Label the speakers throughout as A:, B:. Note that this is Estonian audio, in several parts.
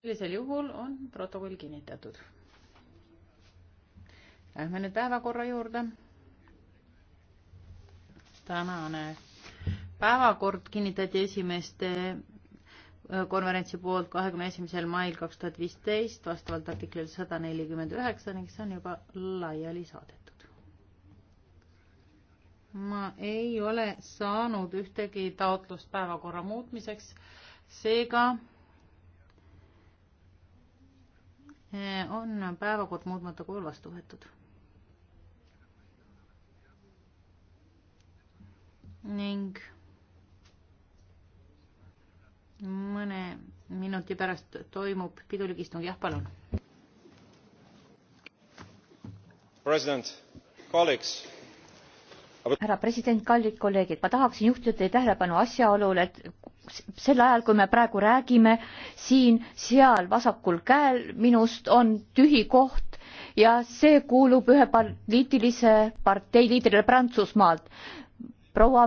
A: sellisel juhul on protokoll kinnitatud. Lähme nüüd päevakorra juurde. tänane päevakord kinnitati esimeeste äh, konverentsi poolt kahekümne esimesel mail kaks tuhat viisteist vastavalt artiklile sada nelikümmend üheksa ning see on juba laiali saadetud. ma ei ole saanud ühtegi taotlust päevakorra muutmiseks, seega Eh, on päevakord muutmata kujul vastu võetud. ning mõne minuti pärast toimub
B: pidulik istung, jah, palun. president, colleagues härra president kallid kolleegid ma tahaksin juhtida teie tähelepanu asjaolule et sel ajal, kui me praegu räägime, siin, seal vasakul käel minust on tühi koht ja see kuulub ühe poliitilise partei liidrile Prantsusmaalt. proua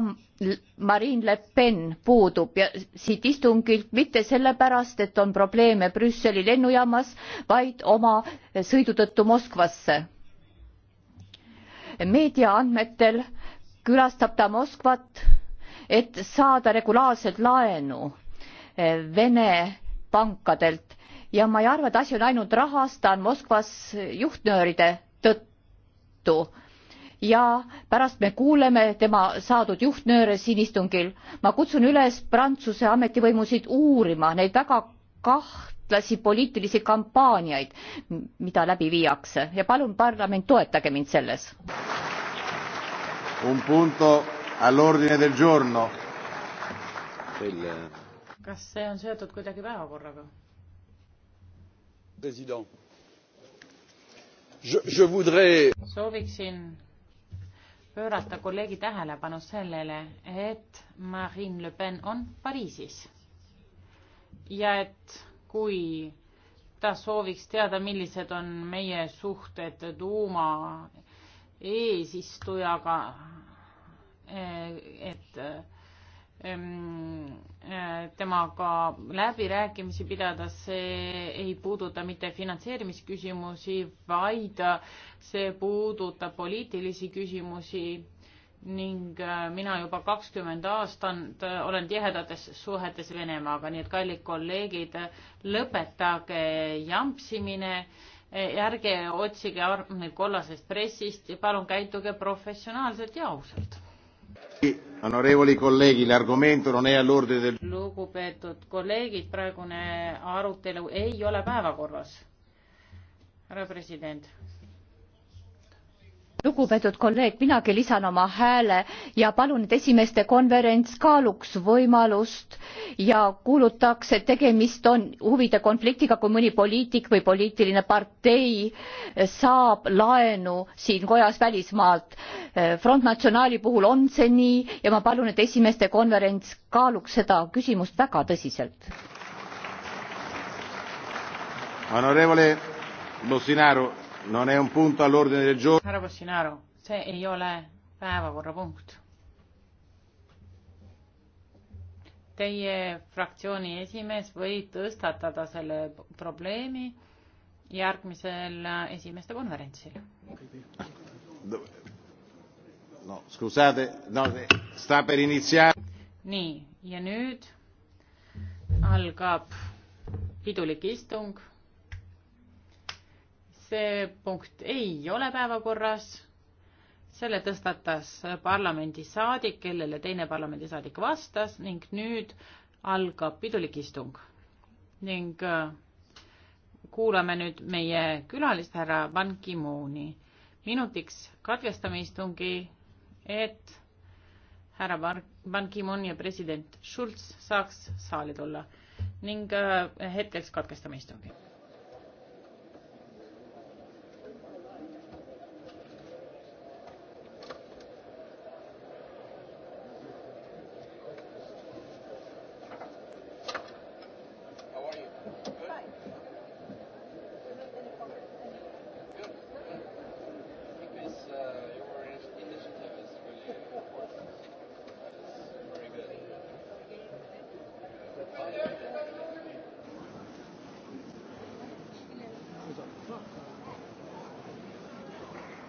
B: Marine Le Pen puudub ja siit istungilt mitte sellepärast, et on probleeme Brüsseli lennujaamas, vaid oma sõidu tõttu Moskvasse. meedia andmetel külastab ta Moskvat et saada regulaarselt laenu eh, Vene pankadelt ja ma ei arva, et asi on ainult rahas, ta on Moskvas juhtnööride tõttu ja pärast me kuuleme tema saadud juhtnööre siin istungil. ma kutsun üles Prantsuse ametivõimusid uurima neid väga kahtlasi poliitilisi kampaaniaid, mida läbi viiakse ja palun parlament, toetage mind selles.
A: Un punto all'ordine del giorno? Eh, kas see on seotud kuidagi päevakorraga? Voudrais... sooviksin pöörata kolleegi tähelepanu sellele, et Marine Le Pen on Pariisis ja et kui ta sooviks teada, millised on meie suhted tuuma eesistujaga, Eh, et ehm, eh, temaga läbirääkimisi pidada, see ei puuduta mitte finantseerimisküsimusi, vaid see puudutab poliitilisi küsimusi ning eh, mina juba kakskümmend aastat olen tihedates suhetes Venemaaga, nii et kallid kolleegid, lõpetage jampsimine, ärge otsige armeid kollasest pressist ja palun käituge professionaalselt ja ausalt lugupeetud kolleegid, praegune arutelu ei ole päevakorras. härra president
B: lugupeetud kolleeg, minagi lisan oma hääle ja palun, et esimeeste konverents kaaluks võimalust ja kuulutaks, et tegemist on huvide konfliktiga, kui mõni poliitik või poliitiline partei saab laenu siin kojas välismaalt. Front Nationali puhul on see nii ja ma palun, et esimeeste konverents kaaluks seda küsimust väga tõsiselt.
A: Honorevole Bolsonaro Non è un punto all'ordine del giorno. härra Bolsonaro, see ei ole päevakorrapunkt. Teie fraktsiooni esimees võib tõstatada selle probleemi järgmisel esimeeste konverentsil. no scusate, no sta per iniziare. nii, ja nüüd algab pidulik istung see punkt ei ole päevakorras, selle tõstatas parlamendisaadik, kellele teine parlamendisaadik vastas ning nüüd algab pidulik istung. ning äh, kuulame nüüd meie külalist härra Ban Ki-mooni. minutiks katkestame istungi, et härra Ban Ki-moon ja president Schulz saaks saali tulla ning äh, hetkeks katkestame istungi.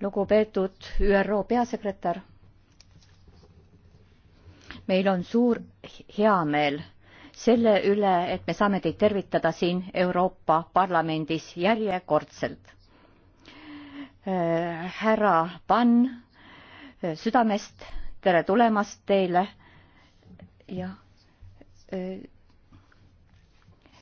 B: lugupeetud ÜRO peasekretär, meil on suur heameel selle üle, et me saame teid tervitada siin Euroopa Parlamendis järjekordselt. Äh, härra Pann, äh, südamest tere tulemast teile ja äh,